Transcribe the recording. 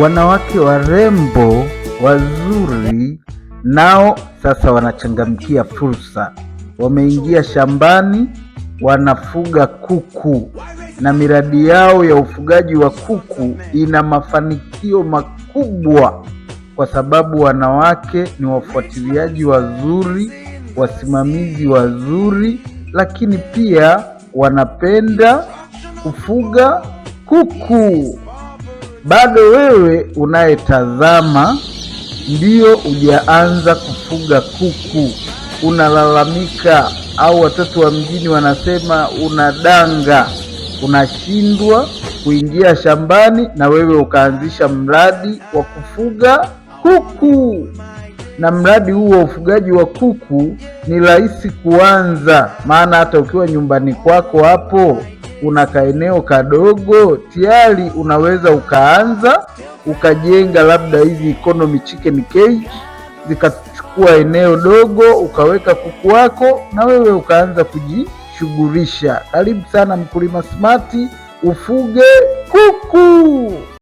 Wanawake warembo wazuri nao sasa wanachangamkia fursa. Wameingia shambani, wanafuga kuku na miradi yao ya ufugaji wa kuku ina mafanikio makubwa, kwa sababu wanawake ni wafuatiliaji wazuri, wasimamizi wazuri, lakini pia wanapenda kufuga kuku. Bado wewe unayetazama ndio hujaanza kufuga kuku, unalalamika au watoto wa mjini wanasema unadanga, unashindwa kuingia shambani, na wewe ukaanzisha mradi wa kufuga kuku na mradi huu wa ufugaji wa kuku ni rahisi kuanza, maana hata ukiwa nyumbani kwako hapo una kaeneo kadogo tayari unaweza ukaanza ukajenga labda hizi economy chicken cage zikachukua eneo dogo ukaweka kuku wako na wewe ukaanza kujishughulisha. Karibu sana Mkulima Smart, ufuge kuku.